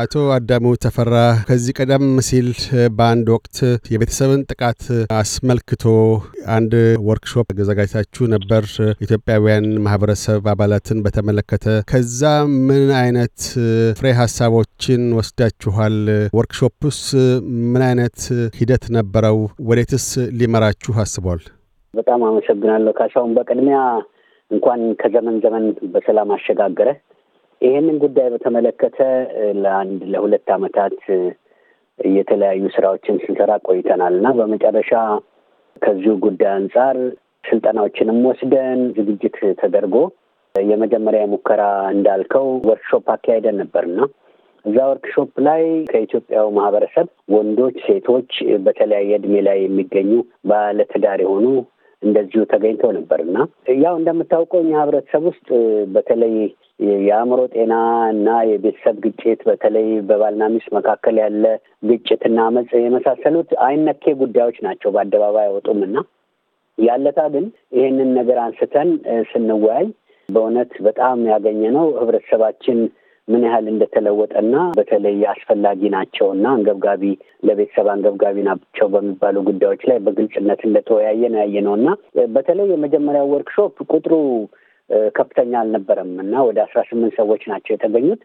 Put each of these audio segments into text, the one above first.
አቶ አዳሙ ተፈራ ከዚህ ቀደም ሲል በአንድ ወቅት የቤተሰብን ጥቃት አስመልክቶ አንድ ወርክሾፕ ዘጋጅታችሁ ነበር፣ ኢትዮጵያውያን ማህበረሰብ አባላትን በተመለከተ። ከዛ ምን አይነት ፍሬ ሀሳቦችን ወስዳችኋል? ወርክሾፕስ ምን አይነት ሂደት ነበረው? ወዴትስ ሊመራችሁ አስቧል? በጣም አመሰግናለሁ ካሳሁን። በቅድሚያ እንኳን ከዘመን ዘመን በሰላም አሸጋገረ ይህንን ጉዳይ በተመለከተ ለአንድ ለሁለት ዓመታት የተለያዩ ስራዎችን ስንሰራ ቆይተናል እና በመጨረሻ ከዚሁ ጉዳይ አንጻር ስልጠናዎችንም ወስደን ዝግጅት ተደርጎ የመጀመሪያ ሙከራ እንዳልከው ወርክሾፕ አካሄደን ነበርና እዛ ወርክሾፕ ላይ ከኢትዮጵያው ማህበረሰብ ወንዶች፣ ሴቶች በተለያየ እድሜ ላይ የሚገኙ ባለትዳር የሆኑ እንደዚሁ ተገኝተው ነበር እና ያው እንደምታውቀው እኛ ህብረተሰብ ውስጥ በተለይ የአእምሮ ጤና እና የቤተሰብ ግጭት በተለይ በባልና ሚስት መካከል ያለ ግጭትና አመፅ የመሳሰሉት አይነኬ ጉዳዮች ናቸው። በአደባባይ አይወጡም እና ያለታ ግን ይህንን ነገር አንስተን ስንወያይ በእውነት በጣም ያገኘ ነው ህብረተሰባችን ምን ያህል እንደተለወጠና በተለይ አስፈላጊ ናቸው እና አንገብጋቢ ለቤተሰብ አንገብጋቢ ናቸው በሚባሉ ጉዳዮች ላይ በግልጽነት እንደተወያየ ነው ያየ ነው እና በተለይ የመጀመሪያው ወርክሾፕ ቁጥሩ ከፍተኛ አልነበረም እና ወደ አስራ ስምንት ሰዎች ናቸው የተገኙት።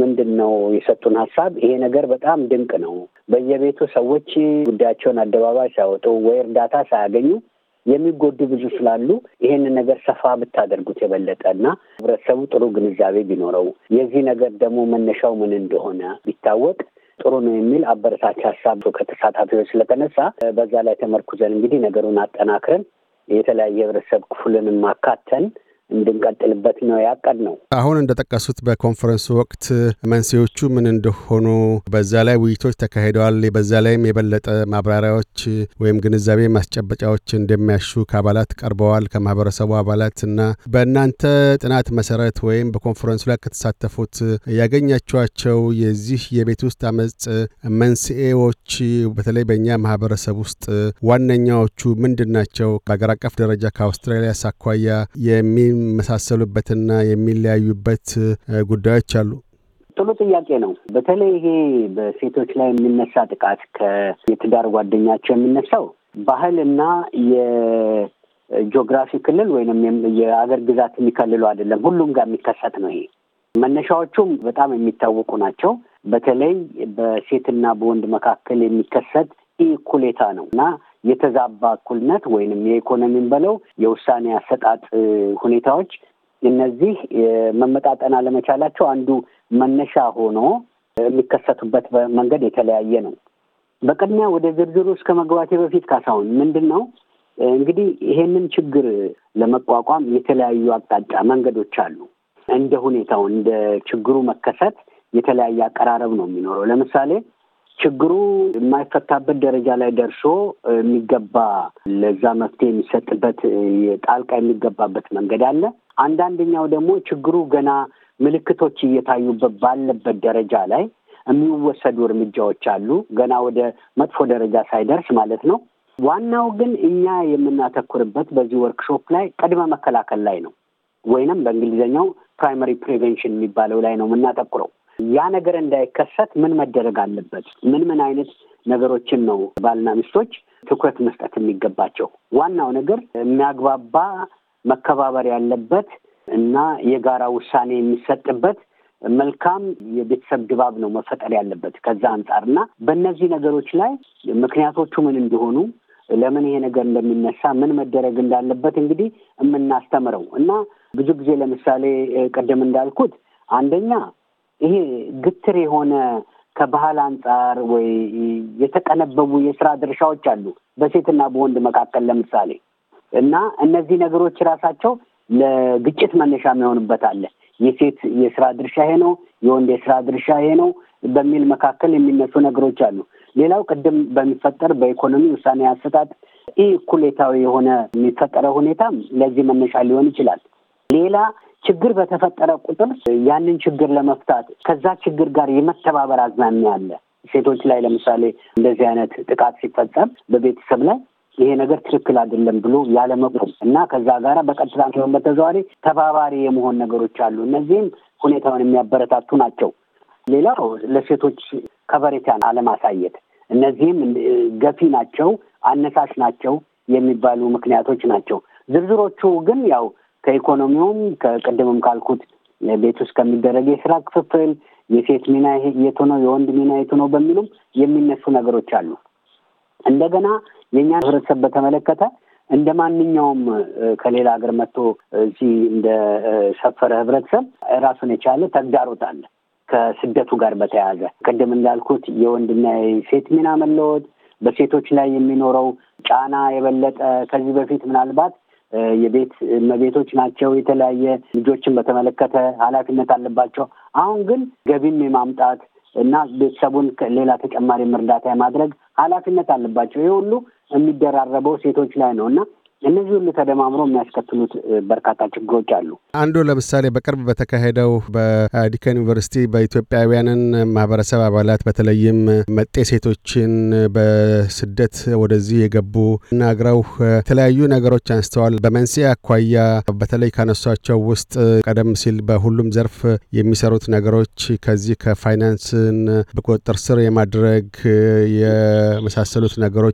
ምንድን ነው የሰጡን ሀሳብ? ይሄ ነገር በጣም ድንቅ ነው። በየቤቱ ሰዎች ጉዳያቸውን አደባባይ ሳያወጡ ወይ እርዳታ ሳያገኙ የሚጎዱ ብዙ ስላሉ ይሄንን ነገር ሰፋ ብታደርጉት የበለጠ እና ህብረተሰቡ ጥሩ ግንዛቤ ቢኖረው የዚህ ነገር ደግሞ መነሻው ምን እንደሆነ ቢታወቅ ጥሩ ነው የሚል አበረታች ሀሳብ ከተሳታፊዎች ስለተነሳ በዛ ላይ ተመርኩዘን እንግዲህ ነገሩን አጠናክረን የተለያየ ህብረተሰብ ክፍልንም አካተን እንድንቀጥልበት ነው ያቀድ ነው። አሁን እንደጠቀሱት በኮንፈረንሱ ወቅት መንስኤዎቹ ምን እንደሆኑ በዛ ላይ ውይይቶች ተካሂደዋል። በዛ ላይም የበለጠ ማብራሪያዎች ወይም ግንዛቤ ማስጨበጫዎች እንደሚያሹ ከአባላት ቀርበዋል፣ ከማህበረሰቡ አባላት እና በእናንተ ጥናት መሰረት ወይም በኮንፈረንሱ ላይ ከተሳተፉት ያገኛችኋቸው የዚህ የቤት ውስጥ አመፅ መንስኤዎች በተለይ በእኛ ማህበረሰብ ውስጥ ዋነኛዎቹ ምንድን ናቸው? በአገር አቀፍ ደረጃ ከአውስትራሊያ ሳኳያ የሚ የሚመሳሰሉበትና የሚለያዩበት ጉዳዮች አሉ? ጥሩ ጥያቄ ነው። በተለይ ይሄ በሴቶች ላይ የሚነሳ ጥቃት ከየትዳር ጓደኛቸው የሚነሳው ባህልና የጂኦግራፊ ክልል ወይም የአገር ግዛት የሚከልሉ አይደለም። ሁሉም ጋር የሚከሰት ነው ይሄ። መነሻዎቹም በጣም የሚታወቁ ናቸው። በተለይ በሴትና በወንድ መካከል የሚከሰት ኢኩሌታ ነው እና የተዛባ እኩልነት ወይንም የኢኮኖሚን በለው የውሳኔ አሰጣጥ ሁኔታዎች እነዚህ መመጣጠን አለመቻላቸው አንዱ መነሻ ሆኖ የሚከሰቱበት መንገድ የተለያየ ነው። በቅድሚያ ወደ ዝርዝሩ እስከ መግባቴ በፊት ካሳሁን፣ ምንድን ነው እንግዲህ ይሄንን ችግር ለመቋቋም የተለያዩ አቅጣጫ መንገዶች አሉ። እንደ ሁኔታው እንደ ችግሩ መከሰት የተለያየ አቀራረብ ነው የሚኖረው። ለምሳሌ ችግሩ የማይፈታበት ደረጃ ላይ ደርሶ የሚገባ ለዛ መፍትሄ የሚሰጥበት ጣልቃ የሚገባበት መንገድ አለ። አንዳንደኛው ደግሞ ችግሩ ገና ምልክቶች እየታዩበት ባለበት ደረጃ ላይ የሚወሰዱ እርምጃዎች አሉ። ገና ወደ መጥፎ ደረጃ ሳይደርስ ማለት ነው። ዋናው ግን እኛ የምናተኩርበት በዚህ ወርክሾፕ ላይ ቅድመ መከላከል ላይ ነው፣ ወይንም በእንግሊዝኛው ፕራይመሪ ፕሪቬንሽን የሚባለው ላይ ነው የምናተኩረው። ያ ነገር እንዳይከሰት ምን መደረግ አለበት? ምን ምን አይነት ነገሮችን ነው ባልና ሚስቶች ትኩረት መስጠት የሚገባቸው? ዋናው ነገር የሚያግባባ መከባበር ያለበት እና የጋራ ውሳኔ የሚሰጥበት መልካም የቤተሰብ ድባብ ነው መፈጠር ያለበት። ከዛ አንጻር እና በእነዚህ ነገሮች ላይ ምክንያቶቹ ምን እንደሆኑ ለምን ይሄ ነገር እንደሚነሳ ምን መደረግ እንዳለበት እንግዲህ የምናስተምረው እና ብዙ ጊዜ ለምሳሌ ቅድም እንዳልኩት አንደኛ ይሄ ግትር የሆነ ከባህል አንጻር ወይ የተቀነበቡ የስራ ድርሻዎች አሉ በሴትና በወንድ መካከል ለምሳሌ እና እነዚህ ነገሮች ራሳቸው ለግጭት መነሻ የሚሆንበት አለ። የሴት የስራ ድርሻ ይሄ ነው፣ የወንድ የስራ ድርሻ ይሄ ነው በሚል መካከል የሚነሱ ነገሮች አሉ። ሌላው ቅድም በሚፈጠር በኢኮኖሚ ውሳኔ አሰጣጥ ይህ እኩሌታዊ የሆነ የሚፈጠረው ሁኔታ ለዚህ መነሻ ሊሆን ይችላል። ሌላ ችግር በተፈጠረ ቁጥር ያንን ችግር ለመፍታት ከዛ ችግር ጋር የመተባበር አዝማሚያ አለ። ሴቶች ላይ ለምሳሌ እንደዚህ አይነት ጥቃት ሲፈጸም በቤተሰብ ላይ ይሄ ነገር ትክክል አይደለም ብሎ ያለመቁም እና ከዛ ጋራ በቀጥታ ሲሆን በተዘዋዋሪ ተባባሪ የመሆን ነገሮች አሉ። እነዚህም ሁኔታውን የሚያበረታቱ ናቸው። ሌላው ለሴቶች ከበሬታን አለማሳየት፣ እነዚህም ገፊ ናቸው፣ አነሳሽ ናቸው የሚባሉ ምክንያቶች ናቸው። ዝርዝሮቹ ግን ያው ከኢኮኖሚውም ከቅድምም ካልኩት ቤት ውስጥ ከሚደረግ የስራ ክፍፍል የሴት ሚና የቱ ነው፣ የወንድ ሚና የቱ ነው በሚሉም የሚነሱ ነገሮች አሉ። እንደገና የእኛ ህብረተሰብ በተመለከተ እንደ ማንኛውም ከሌላ ሀገር መጥቶ እዚህ እንደ ሰፈረ ህብረተሰብ ራሱን የቻለ ተግዳሮት አለ። ከስደቱ ጋር በተያያዘ ቅድም እንዳልኩት የወንድና የሴት ሚና መለወጥ፣ በሴቶች ላይ የሚኖረው ጫና የበለጠ ከዚህ በፊት ምናልባት የቤት እመቤቶች ናቸው። የተለያየ ልጆችን በተመለከተ ኃላፊነት አለባቸው። አሁን ግን ገቢም የማምጣት እና ቤተሰቡን ሌላ ተጨማሪ እርዳታ የማድረግ ኃላፊነት አለባቸው። ይህ ሁሉ የሚደራረበው ሴቶች ላይ ነው እና እነዚህ ሁሉ ተደማምሮ የሚያስከትሉት በርካታ ችግሮች አሉ። አንዱ ለምሳሌ በቅርብ በተካሄደው በዲከን ዩኒቨርሲቲ በኢትዮጵያውያንን ማህበረሰብ አባላት በተለይም መጤ ሴቶችን በስደት ወደዚህ የገቡ ናግረው የተለያዩ ነገሮች አንስተዋል። በመንስኤ አኳያ በተለይ ካነሷቸው ውስጥ ቀደም ሲል በሁሉም ዘርፍ የሚሰሩት ነገሮች ከዚህ ከፋይናንስን በቁጥጥር ስር የማድረግ የመሳሰሉት ነገሮች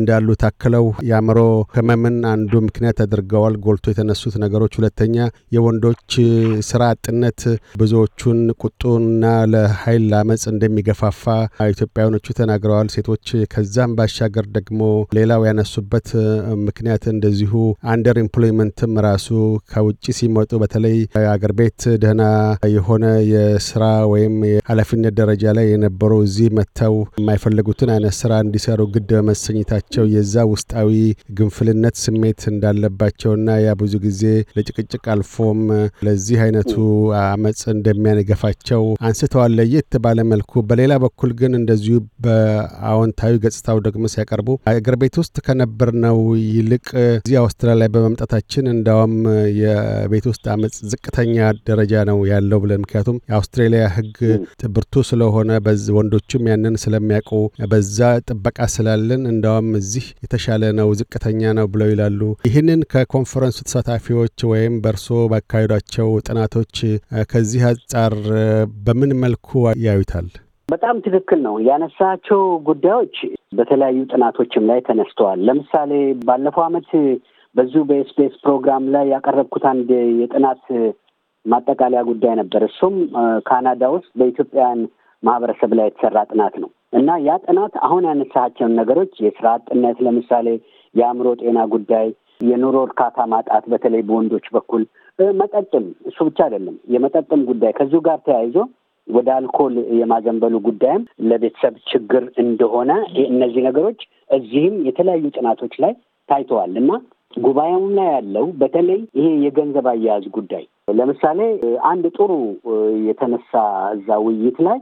እንዳሉ ታክለው የአእምሮ ህመምን አንዱ ምክንያት አድርገዋል ጎልቶ የተነሱት ነገሮች። ሁለተኛ የወንዶች ስራ አጥነት ብዙዎቹን ቁጡና ለኃይል አመፅ እንደሚገፋፋ ኢትዮጵያውያኖቹ ተናግረዋል። ሴቶች ከዛም ባሻገር ደግሞ ሌላው ያነሱበት ምክንያት እንደዚሁ አንደር ኢምፕሎይመንትም ራሱ ከውጭ ሲመጡ በተለይ አገር ቤት ደህና የሆነ የስራ ወይም የኃላፊነት ደረጃ ላይ የነበሩ እዚህ መጥተው የማይፈልጉትን አይነት ስራ እንዲሰሩ ግድ በመሰኘታቸው የዛ ውስጣዊ ግንፍልነት ስሜ ስሜት እንዳለባቸውና ያ ብዙ ጊዜ ለጭቅጭቅ አልፎም ለዚህ አይነቱ አመፅ እንደሚያነገፋቸው አንስተዋል ለየት ባለ መልኩ። በሌላ በኩል ግን እንደዚሁ በአዎንታዊ ገጽታው ደግሞ ሲያቀርቡ አገር ቤት ውስጥ ከነበርነው ይልቅ እዚህ አውስትራሊያ በመምጣታችን እንዳውም የቤት ውስጥ አመፅ ዝቅተኛ ደረጃ ነው ያለው ብለን ምክንያቱም የአውስትራሊያ ሕግ ትብርቱ ስለሆነ ወንዶቹም ያንን ስለሚያውቁ በዛ ጥበቃ ስላለን እንዳውም እዚህ የተሻለ ነው ዝቅተኛ ነው ብለው ይላሉ። ይችላሉ። ይህንን ከኮንፈረንሱ ተሳታፊዎች ወይም በእርሶ ባካሄዷቸው ጥናቶች ከዚህ አንጻር በምን መልኩ ያዩታል? በጣም ትክክል ነው ያነሳቸው ጉዳዮች በተለያዩ ጥናቶችም ላይ ተነስተዋል። ለምሳሌ ባለፈው ዓመት በዚሁ በኤስቢኤስ ፕሮግራም ላይ ያቀረብኩት አንድ የጥናት ማጠቃለያ ጉዳይ ነበር። እሱም ካናዳ ውስጥ በኢትዮጵያውያን ማህበረሰብ ላይ የተሰራ ጥናት ነው። እና ያ ጥናት አሁን ያነሳቸውን ነገሮች የስራ አጥነት፣ ለምሳሌ የአእምሮ ጤና ጉዳይ፣ የኑሮ እርካታ ማጣት በተለይ በወንዶች በኩል መጠጥም፣ እሱ ብቻ አይደለም የመጠጥም ጉዳይ ከዚሁ ጋር ተያይዞ ወደ አልኮል የማዘንበሉ ጉዳይም ለቤተሰብ ችግር እንደሆነ እነዚህ ነገሮች እዚህም የተለያዩ ጥናቶች ላይ ታይተዋል እና ጉባኤውም ላይ ያለው በተለይ ይሄ የገንዘብ አያያዝ ጉዳይ ለምሳሌ አንድ ጥሩ የተነሳ እዛ ውይይት ላይ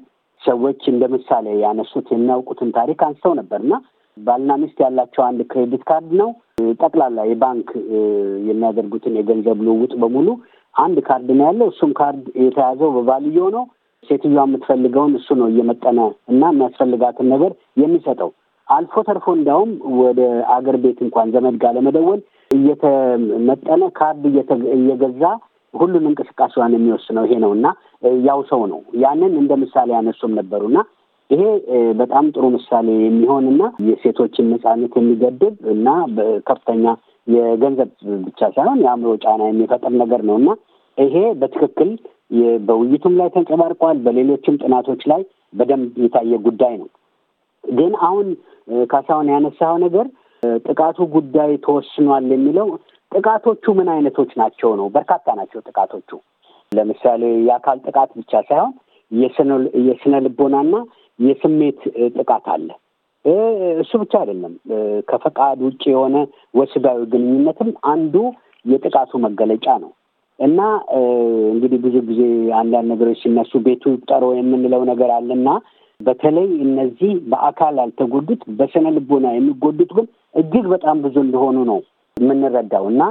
ሰዎች እንደ ምሳሌ ያነሱት የሚያውቁትን ታሪክ አንስተው ነበር እና ባልና ሚስት ያላቸው አንድ ክሬዲት ካርድ ነው። ጠቅላላ የባንክ የሚያደርጉትን የገንዘብ ልውውጥ በሙሉ አንድ ካርድ ነው ያለው። እሱም ካርድ የተያዘው በባልዮ ነው። ሴትዮዋ የምትፈልገውን እሱ ነው እየመጠነ እና የሚያስፈልጋትን ነገር የሚሰጠው። አልፎ ተርፎ እንዲያውም ወደ አገር ቤት እንኳን ዘመድ ጋር ለመደወል እየተመጠነ ካርድ እየገዛ ሁሉን እንቅስቃሴዋን የሚወስነው ይሄ ነው እና ያው ሰው ነው። ያንን እንደ ምሳሌ ያነሱም ነበሩ እና ይሄ በጣም ጥሩ ምሳሌ የሚሆን እና የሴቶችን ነጻነት የሚገድብ እና ከፍተኛ የገንዘብ ብቻ ሳይሆን የአእምሮ ጫና የሚፈጥር ነገር ነው እና ይሄ በትክክል በውይይቱም ላይ ተንጸባርቋል። በሌሎችም ጥናቶች ላይ በደንብ የታየ ጉዳይ ነው። ግን አሁን ካሳሁን ያነሳው ነገር ጥቃቱ ጉዳይ ተወስኗል የሚለው ጥቃቶቹ ምን አይነቶች ናቸው ነው? በርካታ ናቸው ጥቃቶቹ። ለምሳሌ የአካል ጥቃት ብቻ ሳይሆን የስነ ልቦናና የስሜት ጥቃት አለ። እሱ ብቻ አይደለም። ከፈቃድ ውጭ የሆነ ወሲባዊ ግንኙነትም አንዱ የጥቃቱ መገለጫ ነው እና እንግዲህ ብዙ ጊዜ አንዳንድ ነገሮች ሲነሱ ቤቱ ጠሮ የምንለው ነገር አለና በተለይ እነዚህ በአካል አልተጎዱት በስነ ልቦና የሚጎዱት ግን እጅግ በጣም ብዙ እንደሆኑ ነው የምንረዳው እና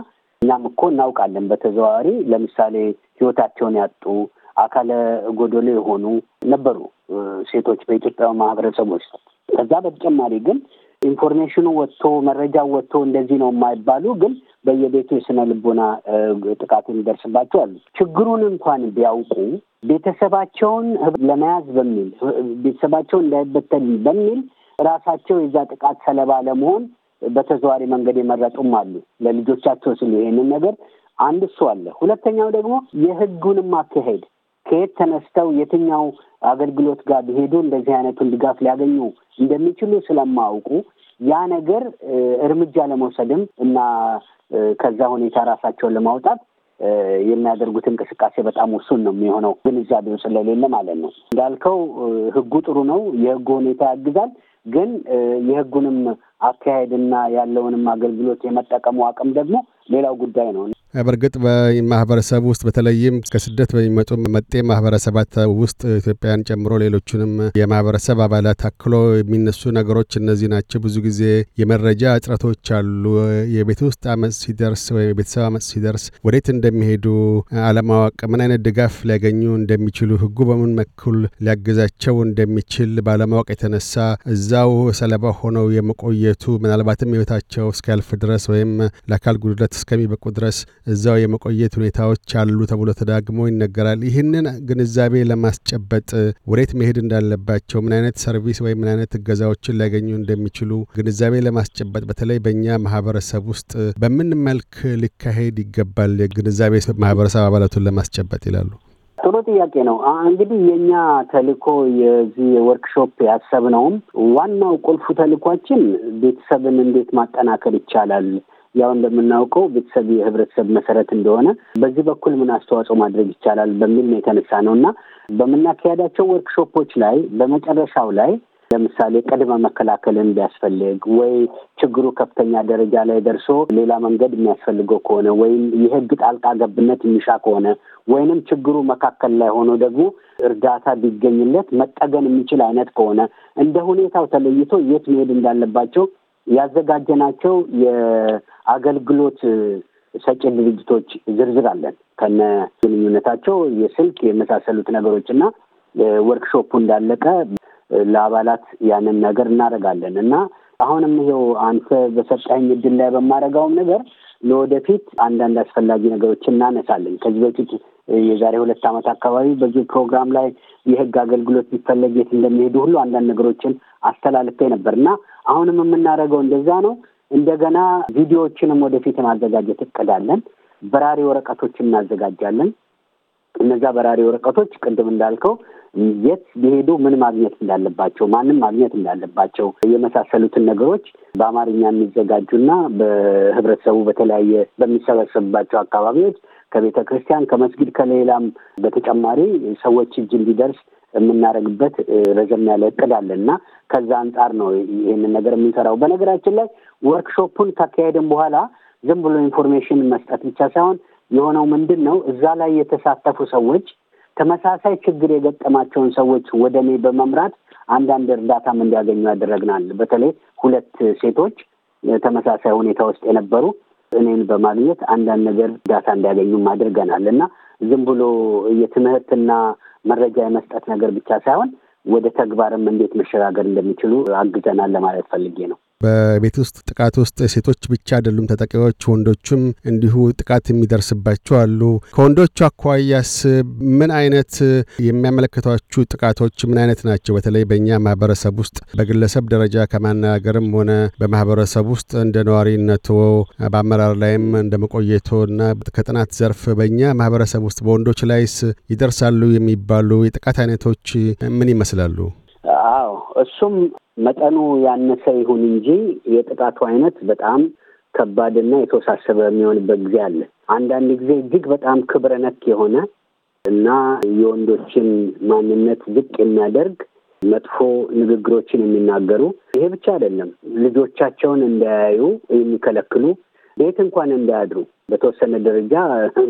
እኛም እኮ እናውቃለን በተዘዋዋሪ ለምሳሌ ህይወታቸውን ያጡ አካለ ጎዶሎ የሆኑ ነበሩ ሴቶች በኢትዮጵያ ማህበረሰብ ውስጥ። ከዛ በተጨማሪ ግን ኢንፎርሜሽኑ ወጥቶ መረጃው ወጥቶ እንደዚህ ነው የማይባሉ ግን በየቤቱ የስነ ልቦና ጥቃት የሚደርስባቸው አሉ። ችግሩን እንኳን ቢያውቁ ቤተሰባቸውን ለመያዝ በሚል ቤተሰባቸውን እንዳይበተል በሚል ራሳቸው የዛ ጥቃት ሰለባ ለመሆን በተዘዋሪ መንገድ የመረጡም አሉ ለልጆቻቸው ሲሉ ይሄንን ነገር አንድ እሱ አለ። ሁለተኛው ደግሞ የህጉንም አካሄድ ከየት ተነስተው የትኛው አገልግሎት ጋር ቢሄዱ እንደዚህ አይነቱን ድጋፍ ሊያገኙ እንደሚችሉ ስለማውቁ ያ ነገር እርምጃ ለመውሰድም እና ከዛ ሁኔታ ራሳቸውን ለማውጣት የሚያደርጉት እንቅስቃሴ በጣም ውሱን ነው የሚሆነው፣ ግንዛቤው ስለሌለ ማለት ነው። እንዳልከው ህጉ ጥሩ ነው፣ የህጉ ሁኔታ ያግዛል። ግን የህጉንም አካሄድና ያለውንም አገልግሎት የመጠቀሙ አቅም ደግሞ ሌላው ጉዳይ ነው። በእርግጥ በማህበረሰብ ውስጥ በተለይም ከስደት በሚመጡ መጤ ማህበረሰባት ውስጥ ኢትዮጵያን ጨምሮ ሌሎቹንም የማህበረሰብ አባላት አክሎ የሚነሱ ነገሮች እነዚህ ናቸው። ብዙ ጊዜ የመረጃ እጥረቶች አሉ። የቤት ውስጥ አመፅ ሲደርስ ወይም የቤተሰብ አመፅ ሲደርስ ወዴት እንደሚሄዱ አለማወቅ፣ ምን አይነት ድጋፍ ሊያገኙ እንደሚችሉ፣ ህጉ በምን መኩል ሊያግዛቸው እንደሚችል ባለማወቅ የተነሳ እዛው ሰለባ ሆነው የመቆየቱ ምናልባትም ህይወታቸው እስኪያልፍ ድረስ ወይም ለአካል ጉድለት እስከሚበቁ ድረስ እዛው የመቆየት ሁኔታዎች አሉ ተብሎ ተዳግሞ ይነገራል። ይህንን ግንዛቤ ለማስጨበጥ ወዴት መሄድ እንዳለባቸው፣ ምን አይነት ሰርቪስ ወይም ምን አይነት እገዛዎችን ሊያገኙ እንደሚችሉ ግንዛቤ ለማስጨበጥ በተለይ በእኛ ማህበረሰብ ውስጥ በምን መልክ ሊካሄድ ይገባል? የግንዛቤ ማህበረሰብ አባላቱን ለማስጨበጥ ይላሉ። ጥሩ ጥያቄ ነው። እንግዲህ የእኛ ተልእኮ የዚህ የወርክሾፕ ያሰብነውም ዋናው ቁልፉ ተልእኳችን ቤተሰብን እንዴት ማጠናከር ይቻላል ያው እንደምናውቀው ቤተሰብ የህብረተሰብ መሰረት እንደሆነ በዚህ በኩል ምን አስተዋጽኦ ማድረግ ይቻላል በሚል ነው የተነሳ ነው እና በምናካሄዳቸው ወርክሾፖች ላይ በመጨረሻው ላይ ለምሳሌ ቅድመ መከላከልን ቢያስፈልግ ወይ ችግሩ ከፍተኛ ደረጃ ላይ ደርሶ ሌላ መንገድ የሚያስፈልገው ከሆነ ወይም የህግ ጣልቃ ገብነት የሚሻ ከሆነ ወይንም ችግሩ መካከል ላይ ሆኖ ደግሞ እርዳታ ቢገኝለት መጠገን የሚችል አይነት ከሆነ እንደ ሁኔታው ተለይቶ የት መሄድ እንዳለባቸው ያዘጋጀናቸው አገልግሎት ሰጪ ድርጅቶች ዝርዝር አለን ከነ ግንኙነታቸው የስልክ የመሳሰሉት ነገሮች እና ወርክሾፑ እንዳለቀ ለአባላት ያንን ነገር እናደርጋለን እና አሁንም ይሄው አንተ በሰጣኝ እድል ላይ በማደርገውም ነገር ለወደፊት አንዳንድ አስፈላጊ ነገሮች እናነሳለን። ከዚህ በፊት የዛሬ ሁለት ዓመት አካባቢ በዚህ ፕሮግራም ላይ የህግ አገልግሎት ቢፈለግ የት እንደሚሄዱ ሁሉ አንዳንድ ነገሮችን አስተላልፌ ነበር እና አሁንም የምናደርገው እንደዛ ነው። እንደገና ቪዲዮዎችንም ወደፊት ማዘጋጀት እቅዳለን። በራሪ ወረቀቶችን እናዘጋጃለን። እነዛ በራሪ ወረቀቶች ቅድም እንዳልከው የት ቢሄዱ ምን ማግኘት እንዳለባቸው፣ ማንም ማግኘት እንዳለባቸው የመሳሰሉትን ነገሮች በአማርኛ የሚዘጋጁና በህብረተሰቡ በተለያየ በሚሰበሰብባቸው አካባቢዎች ከቤተ ክርስቲያን፣ ከመስጊድ፣ ከሌላም በተጨማሪ ሰዎች እጅ እንዲደርስ የምናደርግበት ረዘም ያለ እቅድ አለ እና ከዛ አንጻር ነው ይህንን ነገር የምንሰራው። በነገራችን ላይ ወርክሾፑን ካካሄድን በኋላ ዝም ብሎ ኢንፎርሜሽን መስጠት ብቻ ሳይሆን የሆነው ምንድን ነው እዛ ላይ የተሳተፉ ሰዎች ተመሳሳይ ችግር የገጠማቸውን ሰዎች ወደ እኔ በመምራት አንዳንድ እርዳታም እንዲያገኙ ያደረግናል። በተለይ ሁለት ሴቶች ተመሳሳይ ሁኔታ ውስጥ የነበሩ እኔን በማግኘት አንዳንድ ነገር እርዳታ እንዲያገኙም አድርገናል እና ዝም ብሎ የትምህርትና መረጃ የመስጠት ነገር ብቻ ሳይሆን ወደ ተግባርም እንዴት መሸጋገር እንደሚችሉ አግዘናል ለማለት ፈልጌ ነው። በቤት ውስጥ ጥቃት ውስጥ ሴቶች ብቻ አይደሉም ተጠቂዎች፣ ወንዶችም እንዲሁ ጥቃት የሚደርስባቸው አሉ። ከወንዶቹ አኳያስ ምን አይነት የሚያመለክቷችሁ ጥቃቶች ምን አይነት ናቸው? በተለይ በእኛ ማህበረሰብ ውስጥ በግለሰብ ደረጃ ከማነጋገርም ሆነ በማህበረሰብ ውስጥ እንደ ነዋሪነቶ በአመራር ላይም እንደ መቆየቶ እና ከጥናት ዘርፍ በእኛ ማህበረሰብ ውስጥ በወንዶች ላይስ ይደርሳሉ የሚባሉ የጥቃት አይነቶች ምን ይመስላሉ? እሱም መጠኑ ያነሰ ይሁን እንጂ የጥቃቱ አይነት በጣም ከባድና የተወሳሰበ የሚሆንበት ጊዜ አለ። አንዳንድ ጊዜ እጅግ በጣም ክብረ ነክ የሆነ እና የወንዶችን ማንነት ዝቅ የሚያደርግ መጥፎ ንግግሮችን የሚናገሩ ይሄ ብቻ አይደለም፣ ልጆቻቸውን እንዳያዩ የሚከለክሉ ቤት እንኳን እንዳያድሩ በተወሰነ ደረጃ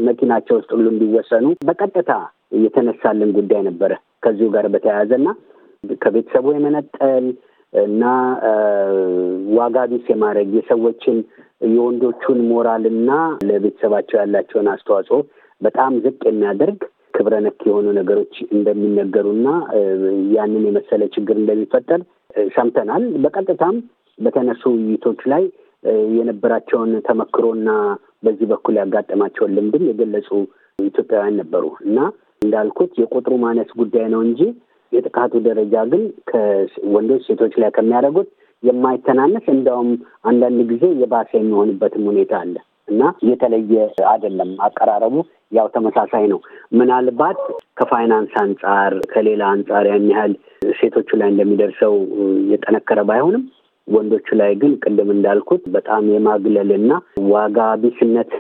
መኪናቸው ውስጥ ሁሉ እንዲወሰኑ በቀጥታ እየተነሳልን ጉዳይ ነበረ ከዚሁ ጋር በተያያዘ እና ከቤተሰቡ የመነጠል እና ዋጋ ቢስ የማድረግ የሰዎችን የወንዶቹን ሞራልና ለቤተሰባቸው ያላቸውን አስተዋጽኦ በጣም ዝቅ የሚያደርግ ክብረ ነክ የሆኑ ነገሮች እንደሚነገሩና ያንን የመሰለ ችግር እንደሚፈጠር ሰምተናል። በቀጥታም በተነሱ ውይይቶች ላይ የነበራቸውን ተመክሮና በዚህ በኩል ያጋጠማቸውን ልምድም የገለጹ ኢትዮጵያውያን ነበሩ እና እንዳልኩት የቁጥሩ ማነስ ጉዳይ ነው እንጂ የጥቃቱ ደረጃ ግን ከወንዶች ሴቶች ላይ ከሚያደርጉት የማይተናነስ እንደውም አንዳንድ ጊዜ የባሰ የሚሆንበትም ሁኔታ አለ እና የተለየ አይደለም። አቀራረቡ ያው ተመሳሳይ ነው። ምናልባት ከፋይናንስ አንጻር ከሌላ አንጻር ያን ያህል ሴቶቹ ላይ እንደሚደርሰው የጠነከረ ባይሆንም ወንዶቹ ላይ ግን ቅድም እንዳልኩት በጣም የማግለልና ዋጋ ቢስነት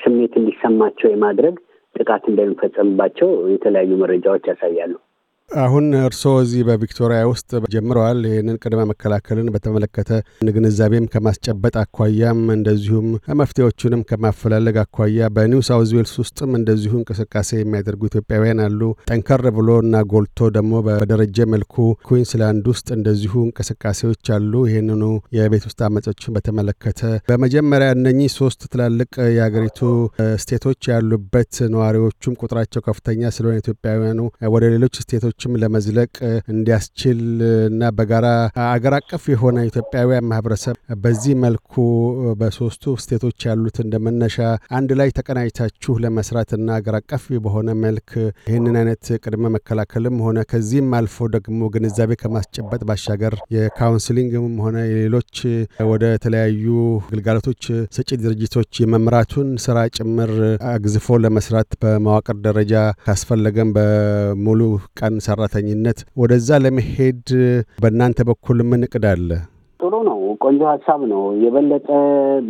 ስሜት እንዲሰማቸው የማድረግ ጥቃት እንደሚፈጸምባቸው የተለያዩ መረጃዎች ያሳያሉ። አሁን እርስዎ እዚህ በቪክቶሪያ ውስጥ ጀምረዋል። ይህንን ቅድመ መከላከልን በተመለከተ ግንዛቤም ከማስጨበጥ አኳያም እንደዚሁም መፍትሄዎቹንም ከማፈላለግ አኳያ በኒው ሳውዝ ዌልስ ውስጥም እንደዚሁ እንቅስቃሴ የሚያደርጉ ኢትዮጵያውያን አሉ። ጠንከር ብሎ እና ጎልቶ ደግሞ በደረጀ መልኩ ኩዊንስላንድ ውስጥ እንደዚሁ እንቅስቃሴዎች አሉ። ይህንኑ የቤት ውስጥ አመጾችን በተመለከተ በመጀመሪያ እነኚህ ሶስት ትላልቅ የሀገሪቱ ስቴቶች ያሉበት ነዋሪዎቹም ቁጥራቸው ከፍተኛ ስለሆነ ኢትዮጵያውያኑ ወደ ሌሎች ስቴቶች ሀሳቦችም ለመዝለቅ እንዲያስችል እና በጋራ አገር አቀፍ የሆነ ኢትዮጵያውያን ማህበረሰብ በዚህ መልኩ በሶስቱ ስቴቶች ያሉት እንደመነሻ አንድ ላይ ተቀናጅታችሁ ና አገር አቀፍ በሆነ መልክ ይህንን አይነት ቅድመ መከላከልም ሆነ ከዚህም አልፎ ደግሞ ግንዛቤ ከማስጨበጥ ባሻገር የካውንስሊንግም ሆነ የሌሎች ወደ ተለያዩ ግልጋሎቶች ሰጪ ድርጅቶች የመምራቱን ስራ ጭምር አግዝፎ ለመስራት በመዋቅር ደረጃ ካስፈለገም በሙሉ ቀን ሰራተኝነት ወደዛ ለመሄድ በእናንተ በኩል ምን እቅድ አለ? ጥሩ ነው። ቆንጆ ሀሳብ ነው። የበለጠ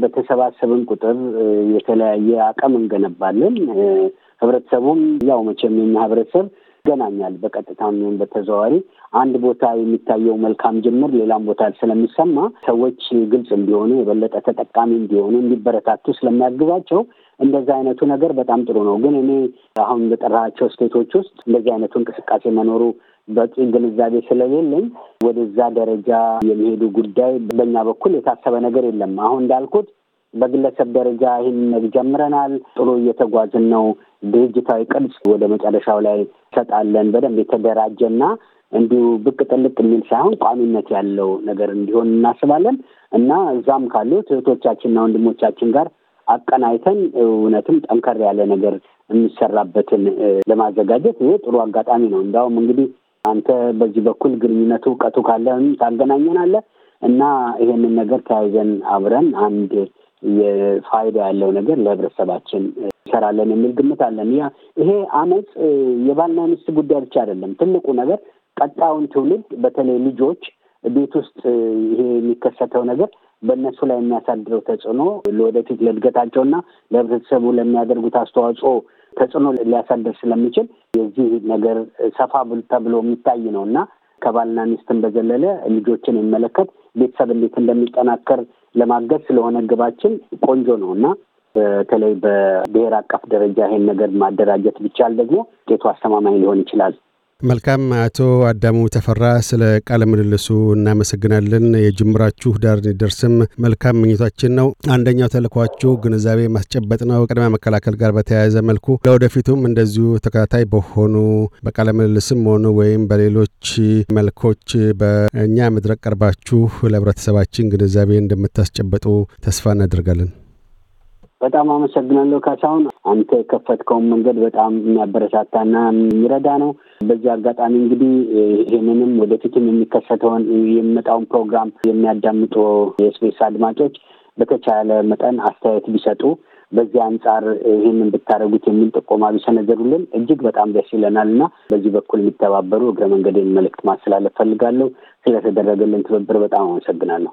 በተሰባሰብን ቁጥር የተለያየ አቅም እንገነባለን። ህብረተሰቡም ያው መቼም የኛ ህብረተሰብ ይገናኛል። በቀጥታ የሚሆን በተዘዋዋሪ አንድ ቦታ የሚታየው መልካም ጅምር ሌላም ቦታ ስለሚሰማ ሰዎች ግልጽ እንዲሆኑ የበለጠ ተጠቃሚ እንዲሆኑ እንዲበረታቱ ስለሚያግዛቸው እንደዛ አይነቱ ነገር በጣም ጥሩ ነው። ግን እኔ አሁን በጠራቸው ስቴቶች ውስጥ እንደዚህ አይነቱ እንቅስቃሴ መኖሩ በቂ ግንዛቤ ስለሌለኝ ወደዛ ደረጃ የሚሄዱ ጉዳይ በእኛ በኩል የታሰበ ነገር የለም። አሁን እንዳልኩት በግለሰብ ደረጃ ይህን ጀምረናል፣ ጥሩ እየተጓዝን ነው፣ ድርጅታዊ ቅርጽ ወደ መጨረሻው ላይ እንሰጣለን። በደንብ የተደራጀና እንዲሁ ብቅ ጥልቅ የሚል ሳይሆን ቋሚነት ያለው ነገር እንዲሆን እናስባለን እና እዛም ካሉት እህቶቻችንና ወንድሞቻችን ጋር አቀናይተን እውነትም ጠንከር ያለ ነገር የሚሰራበትን ለማዘጋጀት ይሄ ጥሩ አጋጣሚ ነው። እንዲያውም እንግዲህ አንተ በዚህ በኩል ግንኙነቱ እውቀቱ ካለህም ታገናኘናለህ እና ይሄንን ነገር ተያይዘን አብረን አንድ የፋይዳ ያለው ነገር ለህብረተሰባችን ይሰራለን የሚል ግምት አለን። ያ ይሄ አመፅ የባልና ሚስት ጉዳይ ብቻ አይደለም። ትልቁ ነገር ቀጣውን ትውልድ በተለይ ልጆች ቤት ውስጥ ይሄ የሚከሰተው ነገር በእነሱ ላይ የሚያሳድረው ተጽዕኖ ለወደፊት ለእድገታቸውና ለህብረተሰቡ ለሚያደርጉት አስተዋጽኦ ተጽዕኖ ሊያሳድር ስለሚችል የዚህ ነገር ሰፋ ተብሎ የሚታይ ነው እና ከባልና ሚስትን በዘለለ ልጆችን የሚመለከት ቤተሰብ እንዴት እንደሚጠናከር ለማገዝ ስለሆነ ግባችን ቆንጆ ነው እና በተለይ በብሔር አቀፍ ደረጃ ይሄን ነገር ማደራጀት ቢቻል ደግሞ ውጤቱ አስተማማኝ ሊሆን ይችላል መልካም አቶ አዳሙ ተፈራ ስለ ቃለ ምልልሱ እናመሰግናለን። የጅምራችሁ ዳር እንዲደርስም መልካም ምኞታችን ነው። አንደኛው ተልኳችሁ ግንዛቤ ማስጨበጥ ነው ቅድመ መከላከል ጋር በተያያዘ መልኩ ለወደፊቱም እንደዚሁ ተከታታይ በሆኑ በቃለ ምልልስም ሆኑ ወይም በሌሎች መልኮች በእኛ መድረክ ቀርባችሁ ለህብረተሰባችን ግንዛቤ እንደምታስጨበጡ ተስፋ እናደርጋለን። በጣም አመሰግናለሁ ካሳሁን። አንተ የከፈትከውን መንገድ በጣም የሚያበረታታና የሚረዳ ነው። በዚህ አጋጣሚ እንግዲህ ይህንንም ወደፊትም የሚከሰተውን የሚመጣውን ፕሮግራም የሚያዳምጡ የስፔስ አድማጮች በተቻለ መጠን አስተያየት ቢሰጡ በዚህ አንጻር ይህንን ብታደረጉት የሚል ጥቆማ ቢሰነዘሩልን እጅግ በጣም ደስ ይለናል እና በዚህ በኩል የሚተባበሩ እግረ መንገድን መልእክት ማስተላለፍ ፈልጋለሁ። ስለተደረገልን ትብብር በጣም አመሰግናለሁ።